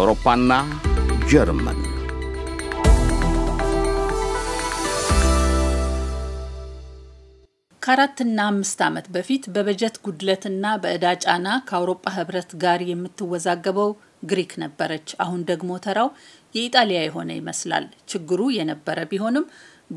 አውሮፓና ጀርመን ከአራትና አምስት ዓመት በፊት በበጀት ጉድለትና በዕዳ ጫና ከአውሮፓ ህብረት ጋር የምትወዛገበው ግሪክ ነበረች። አሁን ደግሞ ተራው የኢጣሊያ የሆነ ይመስላል። ችግሩ የነበረ ቢሆንም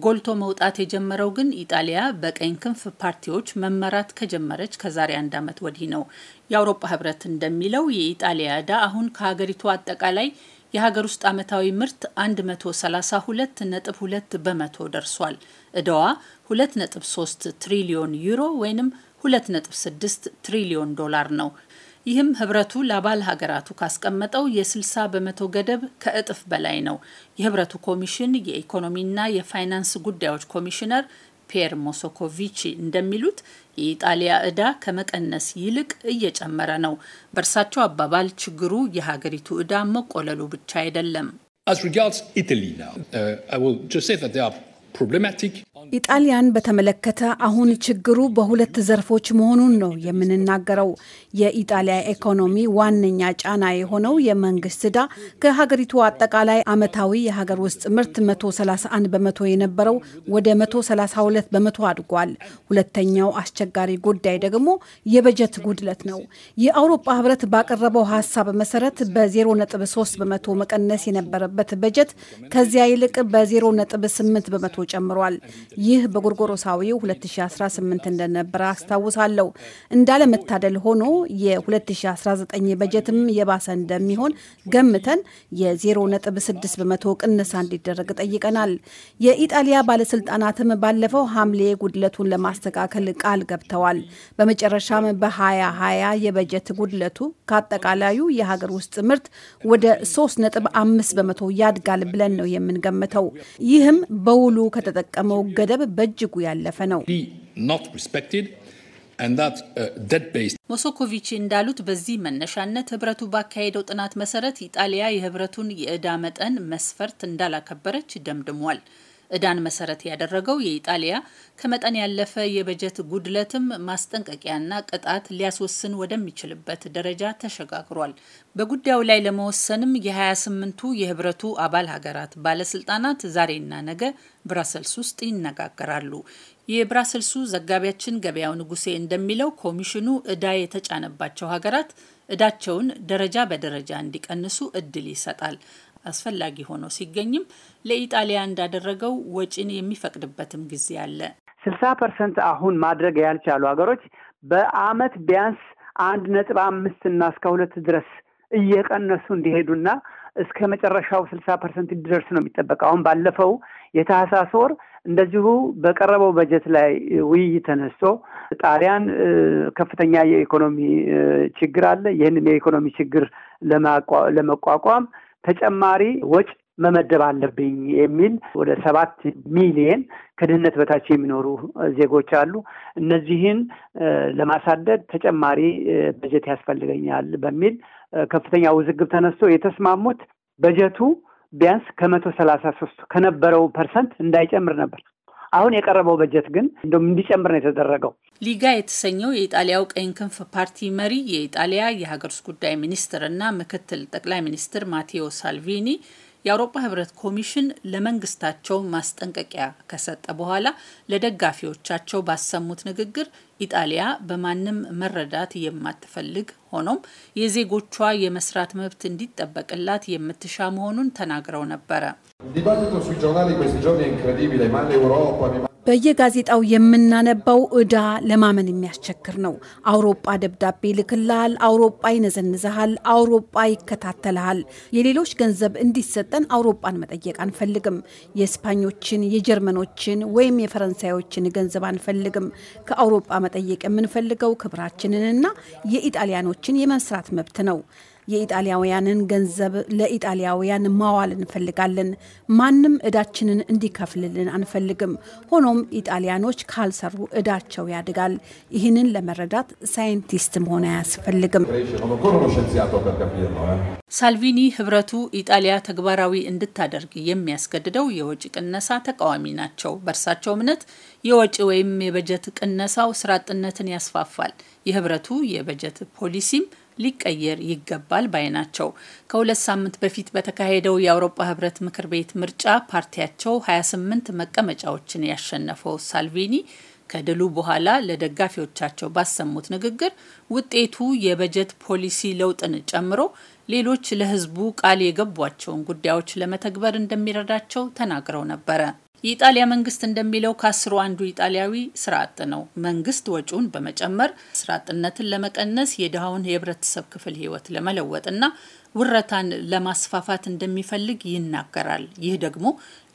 ጎልቶ መውጣት የጀመረው ግን ኢጣሊያ በቀኝ ክንፍ ፓርቲዎች መመራት ከጀመረች ከዛሬ አንድ ዓመት ወዲህ ነው። የአውሮፓ ህብረት እንደሚለው የኢጣሊያ ዕዳ አሁን ከሀገሪቱ አጠቃላይ የሀገር ውስጥ ዓመታዊ ምርት 132.2 በመቶ ደርሷል። ዕዳዋ 2.3 ትሪሊዮን ዩሮ ወይም 2.6 ትሪሊዮን ዶላር ነው። ይህም ህብረቱ ለአባል ሀገራቱ ካስቀመጠው የ60 በመቶ ገደብ ከእጥፍ በላይ ነው። የህብረቱ ኮሚሽን የኢኮኖሚና የፋይናንስ ጉዳዮች ኮሚሽነር ፒየር ሞሶኮቪቺ እንደሚሉት የኢጣሊያ ዕዳ ከመቀነስ ይልቅ እየጨመረ ነው። በእርሳቸው አባባል ችግሩ የሀገሪቱ ዕዳ መቆለሉ ብቻ አይደለም። ኢጣሊያን በተመለከተ አሁን ችግሩ በሁለት ዘርፎች መሆኑን ነው የምንናገረው። የኢጣሊያ ኢኮኖሚ ዋነኛ ጫና የሆነው የመንግስት ዕዳ ከሀገሪቱ አጠቃላይ አመታዊ የሀገር ውስጥ ምርት 131 በመቶ የነበረው ወደ 132 በመቶ አድጓል። ሁለተኛው አስቸጋሪ ጉዳይ ደግሞ የበጀት ጉድለት ነው። የአውሮፓ ህብረት ባቀረበው ሀሳብ መሰረት በ0.3 በመቶ መቀነስ የነበረበት በጀት ከዚያ ይልቅ በ0.8 በመቶ ጨምሯል። ይህ በጎርጎሮሳዊው 2018 እንደነበረ አስታውሳለሁ። እንዳለመታደል ሆኖ የ2019 በጀትም የባሰ እንደሚሆን ገምተን የ0.6 በመቶ ቅነሳ እንዲደረግ ጠይቀናል። የኢጣሊያ ባለስልጣናትም ባለፈው ሐምሌ ጉድለቱን ለማስተካከል ቃል ገብተዋል። በመጨረሻም በ2020 የበጀት ጉድለቱ ከአጠቃላዩ የሀገር ውስጥ ምርት ወደ 3.5 በመቶ ያድጋል ብለን ነው የምንገምተው። ይህም በውሉ ከተጠቀመው ገደ መደብ በእጅጉ ያለፈ ነው። uh, ሞሶኮቪች እንዳሉት በዚህ መነሻነት ህብረቱ ባካሄደው ጥናት መሰረት ኢጣሊያ የህብረቱን የዕዳ መጠን መስፈርት እንዳላከበረች ደምድሟል። እዳን መሰረት ያደረገው የኢጣሊያ ከመጠን ያለፈ የበጀት ጉድለትም ማስጠንቀቂያና ቅጣት ሊያስወስን ወደሚችልበት ደረጃ ተሸጋግሯል። በጉዳዩ ላይ ለመወሰንም የ28ቱ የህብረቱ አባል ሀገራት ባለስልጣናት ዛሬና ነገ ብራሰልስ ውስጥ ይነጋገራሉ። የብራሰልሱ ዘጋቢያችን ገበያው ንጉሴ እንደሚለው ኮሚሽኑ እዳ የተጫነባቸው ሀገራት እዳቸውን ደረጃ በደረጃ እንዲቀንሱ እድል ይሰጣል። አስፈላጊ ሆኖ ሲገኝም ለኢጣሊያ እንዳደረገው ወጪን የሚፈቅድበትም ጊዜ አለ። ስልሳ ፐርሰንት አሁን ማድረግ ያልቻሉ ሀገሮች በአመት ቢያንስ አንድ ነጥብ አምስት እና እስከ ሁለት ድረስ እየቀነሱ እንዲሄዱና እስከ መጨረሻው ስልሳ ፐርሰንት እንዲደርስ ነው የሚጠበቀው። አሁን ባለፈው የታህሳስ ወር እንደዚሁ በቀረበው በጀት ላይ ውይይት ተነስቶ ጣሊያን ከፍተኛ የኢኮኖሚ ችግር አለ። ይህንን የኢኮኖሚ ችግር ለመቋቋም ተጨማሪ ወጭ መመደብ አለብኝ የሚል ወደ ሰባት ሚሊየን ከድህነት በታች የሚኖሩ ዜጎች አሉ። እነዚህን ለማሳደግ ተጨማሪ በጀት ያስፈልገኛል በሚል ከፍተኛ ውዝግብ ተነስቶ የተስማሙት በጀቱ ቢያንስ ከመቶ ሰላሳ ሶስት ከነበረው ፐርሰንት እንዳይጨምር ነበር። አሁን የቀረበው በጀት ግን እንደም እንዲጨምር ነው የተደረገው። ሊጋ የተሰኘው የኢጣሊያው ቀኝ ክንፍ ፓርቲ መሪ የኢጣሊያ የሀገር ውስጥ ጉዳይ ሚኒስትር እና ምክትል ጠቅላይ ሚኒስትር ማቴዎ ሳልቪኒ የአውሮፓ ህብረት ኮሚሽን ለመንግስታቸው ማስጠንቀቂያ ከሰጠ በኋላ ለደጋፊዎቻቸው ባሰሙት ንግግር ኢጣሊያ በማንም መረዳት የማትፈልግ ሆኖም የዜጎቿ የመስራት መብት እንዲጠበቅላት የምትሻ መሆኑን ተናግረው ነበረ። በየጋዜጣው የምናነባው እዳ ለማመን የሚያስቸግር ነው። አውሮጳ ደብዳቤ ይልክልሃል፣ አውሮጳ ይነዘንዝሃል፣ አውሮጳ ይከታተልሃል። የሌሎች ገንዘብ እንዲሰጠን አውሮጳን መጠየቅ አንፈልግም። የስፓኞችን፣ የጀርመኖችን ወይም የፈረንሳዮችን ገንዘብ አንፈልግም። ከአውሮጳ መጠየቅ የምንፈልገው ክብራችንንና የኢጣሊያኖችን የመስራት መብት ነው። የኢጣሊያውያንን ገንዘብ ለኢጣሊያውያን ማዋል እንፈልጋለን። ማንም እዳችንን እንዲከፍልልን አንፈልግም። ሆኖም ኢጣሊያኖች ካልሰሩ እዳቸው ያድጋል። ይህንን ለመረዳት ሳይንቲስት መሆን አያስፈልግም። ሳልቪኒ ህብረቱ ኢጣሊያ ተግባራዊ እንድታደርግ የሚያስገድደው የወጪ ቅነሳ ተቃዋሚ ናቸው። በእርሳቸው እምነት የወጪ ወይም የበጀት ቅነሳው ስራ አጥነትን ያስፋፋል። የህብረቱ የበጀት ፖሊሲም ሊቀየር ይገባል ባይ ናቸው። ከሁለት ሳምንት በፊት በተካሄደው የአውሮፓ ህብረት ምክር ቤት ምርጫ ፓርቲያቸው 28 መቀመጫዎችን ያሸነፈው ሳልቪኒ ከድሉ በኋላ ለደጋፊዎቻቸው ባሰሙት ንግግር ውጤቱ የበጀት ፖሊሲ ለውጥን ጨምሮ ሌሎች ለህዝቡ ቃል የገቧቸውን ጉዳዮች ለመተግበር እንደሚረዳቸው ተናግረው ነበረ። የኢጣሊያ መንግስት እንደሚለው ከአስሩ አንዱ ኢጣሊያዊ ስራ አጥ ነው። መንግስት ወጪውን በመጨመር ስራ አጥነትን ለመቀነስ የድሃውን የህብረተሰብ ክፍል ህይወት ለመለወጥና ውረታን ለማስፋፋት እንደሚፈልግ ይናገራል። ይህ ደግሞ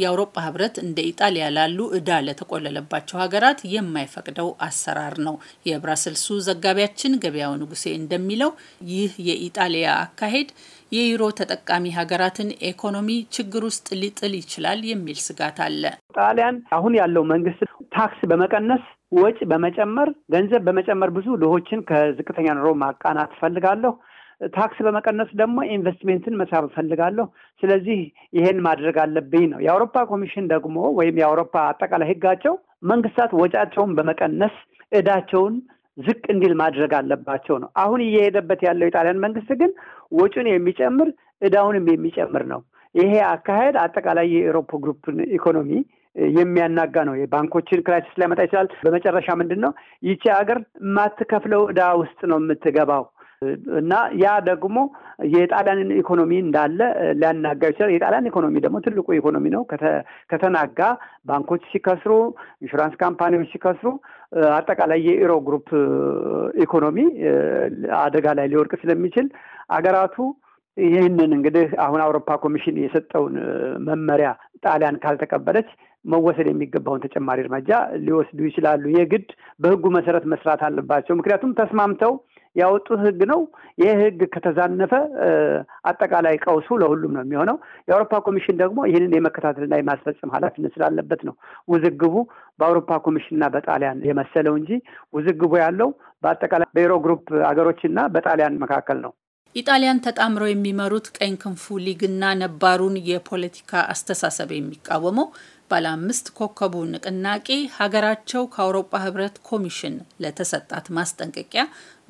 የአውሮፓ ህብረት እንደ ኢጣሊያ ላሉ እዳ ለተቆለለባቸው ሀገራት የማይፈቅደው አሰራር ነው። የብራስልሱ ዘጋቢያችን ገበያው ንጉሴ እንደሚለው ይህ የኢጣሊያ አካሄድ የዩሮ ተጠቃሚ ሀገራትን ኢኮኖሚ ችግር ውስጥ ሊጥል ይችላል የሚል ስጋት አለ። ጣሊያን አሁን ያለው መንግስት ታክስ በመቀነስ ወጪ በመጨመር ገንዘብ በመጨመር ብዙ ድሆችን ከዝቅተኛ ኑሮ ማቃናት ትፈልጋለሁ ታክስ በመቀነስ ደግሞ ኢንቨስትሜንትን መሳብ እፈልጋለሁ። ስለዚህ ይሄን ማድረግ አለብኝ ነው። የአውሮፓ ኮሚሽን ደግሞ ወይም የአውሮፓ አጠቃላይ ህጋቸው መንግስታት ወጫቸውን በመቀነስ እዳቸውን ዝቅ እንዲል ማድረግ አለባቸው ነው። አሁን እየሄደበት ያለው የጣሊያን መንግስት ግን ወጪን የሚጨምር እዳውንም የሚጨምር ነው። ይሄ አካሄድ አጠቃላይ የኤሮፓ ግሩፕን ኢኮኖሚ የሚያናጋ ነው። የባንኮችን ክራይሲስ ሊያመጣ ይችላል። በመጨረሻ ምንድን ነው ይቺ ሀገር የማትከፍለው እዳ ውስጥ ነው የምትገባው። እና ያ ደግሞ የጣሊያንን ኢኮኖሚ እንዳለ ሊያናጋ ይችላል። የጣሊያን ኢኮኖሚ ደግሞ ትልቁ ኢኮኖሚ ነው። ከተናጋ ባንኮች ሲከስሩ፣ ኢንሹራንስ ካምፓኒዎች ሲከስሩ፣ አጠቃላይ የኢሮ ግሩፕ ኢኮኖሚ አደጋ ላይ ሊወድቅ ስለሚችል አገራቱ ይህንን እንግዲህ አሁን አውሮፓ ኮሚሽን የሰጠውን መመሪያ ጣሊያን ካልተቀበለች መወሰድ የሚገባውን ተጨማሪ እርምጃ ሊወስዱ ይችላሉ። የግድ በህጉ መሰረት መስራት አለባቸው። ምክንያቱም ተስማምተው ያወጡት ህግ ነው። ይህ ህግ ከተዛነፈ አጠቃላይ ቀውሱ ለሁሉም ነው የሚሆነው። የአውሮፓ ኮሚሽን ደግሞ ይህንን የመከታተልና የማስፈጸም ኃላፊነት ስላለበት ነው ውዝግቡ በአውሮፓ ኮሚሽንና በጣሊያን የመሰለው እንጂ ውዝግቡ ያለው በአጠቃላይ በዩሮ ግሩፕ ሀገሮችና በጣሊያን መካከል ነው። ኢጣሊያን ተጣምረው የሚመሩት ቀኝ ክንፉ ሊግና ነባሩን የፖለቲካ አስተሳሰብ የሚቃወመው ባለ አምስት ኮከቡ ንቅናቄ ሀገራቸው ከአውሮፓ ህብረት ኮሚሽን ለተሰጣት ማስጠንቀቂያ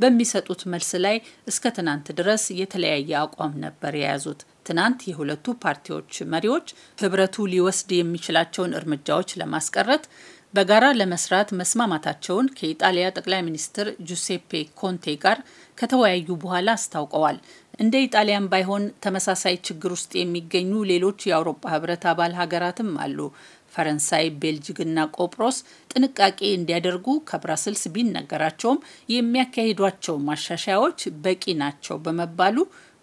በሚሰጡት መልስ ላይ እስከ ትናንት ድረስ የተለያየ አቋም ነበር የያዙት። ትናንት የሁለቱ ፓርቲዎች መሪዎች ህብረቱ ሊወስድ የሚችላቸውን እርምጃዎች ለማስቀረት በጋራ ለመስራት መስማማታቸውን ከኢጣሊያ ጠቅላይ ሚኒስትር ጁሴፔ ኮንቴ ጋር ከተወያዩ በኋላ አስታውቀዋል። እንደ ኢጣሊያን ባይሆን ተመሳሳይ ችግር ውስጥ የሚገኙ ሌሎች የአውሮፓ ህብረት አባል ሀገራትም አሉ። ፈረንሳይ፣ ቤልጅግና ቆጵሮስ ጥንቃቄ እንዲያደርጉ ከብራስልስ ቢነገራቸውም የሚያካሂዷቸው ማሻሻያዎች በቂ ናቸው በመባሉ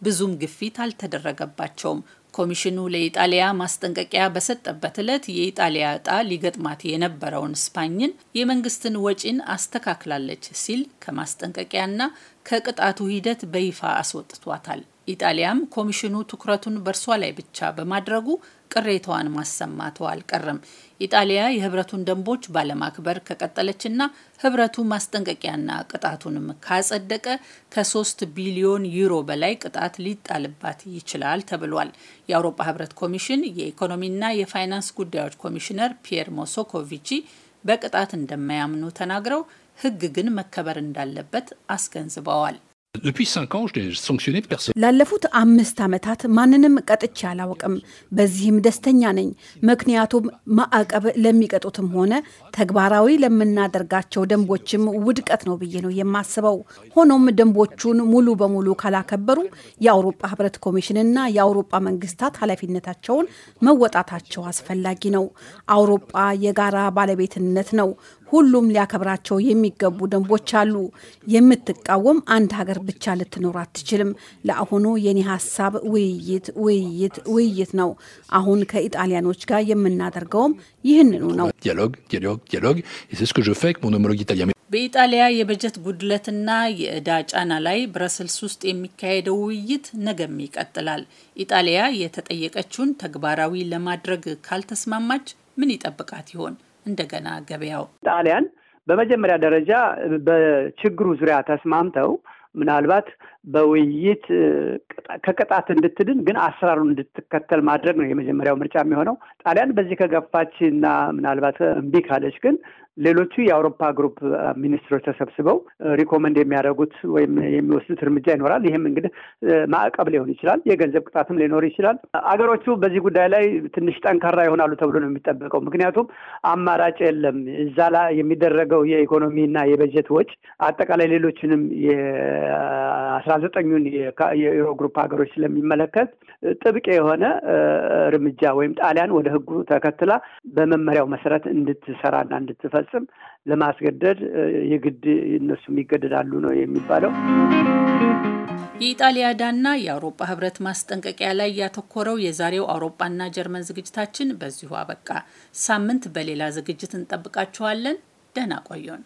ብዙም ግፊት አልተደረገባቸውም። ኮሚሽኑ ለኢጣሊያ ማስጠንቀቂያ በሰጠበት ዕለት የኢጣሊያ ዕጣ ሊገጥማት የነበረውን ስፓኝን የመንግስትን ወጪን አስተካክላለች ሲል ከማስጠንቀቂያና ከቅጣቱ ሂደት በይፋ አስወጥቷታል። ኢጣሊያም ኮሚሽኑ ትኩረቱን በእርሷ ላይ ብቻ በማድረጉ ቅሬታዋን ማሰማቷ አልቀርም። ኢጣሊያ የህብረቱን ደንቦች ባለማክበር ከቀጠለችና ህብረቱ ማስጠንቀቂያና ቅጣቱንም ካጸደቀ ከሶስት ቢሊዮን ዩሮ በላይ ቅጣት ሊጣልባት ይችላል ተብሏል። የአውሮፓ ህብረት ኮሚሽን የኢኮኖሚና የፋይናንስ ጉዳዮች ኮሚሽነር ፒየር ሞሶኮቪቺ በቅጣት እንደማያምኑ ተናግረው ህግ ግን መከበር እንዳለበት አስገንዝበዋል። depuis ans, je sanctionné personne. ላለፉት አምስት ዓመታት ማንንም ቀጥቼ አላውቅም። በዚህም ደስተኛ ነኝ። ምክንያቱም ማዕቀብ ለሚቀጡትም ሆነ ተግባራዊ ለምናደርጋቸው ደንቦችም ውድቀት ነው ብዬ ነው የማስበው። ሆኖም ደንቦቹን ሙሉ በሙሉ ካላከበሩ የአውሮፓ ህብረት ኮሚሽንና የአውሮፓ መንግስታት ኃላፊነታቸውን መወጣታቸው አስፈላጊ ነው። አውሮፓ የጋራ ባለቤትነት ነው። ሁሉም ሊያከብራቸው የሚገቡ ደንቦች አሉ። የምትቃወም አንድ ሀገር ብቻ ልትኖር አትችልም። ለአሁኑ የኔ ሀሳብ ውይይት፣ ውይይት፣ ውይይት ነው። አሁን ከኢጣሊያኖች ጋር የምናደርገውም ይህንኑ ነው። በኢጣሊያ የበጀት ጉድለትና የእዳ ጫና ላይ ብረስልስ ውስጥ የሚካሄደው ውይይት ነገም ይቀጥላል። ኢጣሊያ የተጠየቀችውን ተግባራዊ ለማድረግ ካልተስማማች ምን ይጠብቃት ይሆን? እንደገና ገበያው ጣሊያን በመጀመሪያ ደረጃ በችግሩ ዙሪያ ተስማምተው ምናልባት በውይይት ከቅጣት እንድትድን ግን አሰራሩን እንድትከተል ማድረግ ነው የመጀመሪያው ምርጫ የሚሆነው። ጣሊያን በዚህ ከገፋች እና ምናልባት እምቢ ካለች ግን ሌሎቹ የአውሮፓ ግሩፕ ሚኒስትሮች ተሰብስበው ሪኮመንድ የሚያደርጉት ወይም የሚወስዱት እርምጃ ይኖራል። ይህም እንግዲህ ማዕቀብ ሊሆን ይችላል፣ የገንዘብ ቅጣትም ሊኖር ይችላል። አገሮቹ በዚህ ጉዳይ ላይ ትንሽ ጠንካራ ይሆናሉ ተብሎ ነው የሚጠበቀው። ምክንያቱም አማራጭ የለም። እዛ ላይ የሚደረገው የኢኮኖሚና የበጀት ወጪ አጠቃላይ ሌሎችንም የአስራ አስራ ዘጠኙን የዩሮ ግሩፕ ሀገሮች ስለሚመለከት ጥብቅ የሆነ እርምጃ ወይም ጣሊያን ወደ ህጉ ተከትላ በመመሪያው መሰረት እንድትሰራና እንድትፈጽም ለማስገደድ የግድ እነሱም ይገደዳሉ ነው የሚባለው። የኢጣሊያ ዳና የአውሮፓ ህብረት ማስጠንቀቂያ ላይ ያተኮረው የዛሬው አውሮፓና ጀርመን ዝግጅታችን በዚሁ አበቃ። ሳምንት በሌላ ዝግጅት እንጠብቃችኋለን። ደህና ቆየን።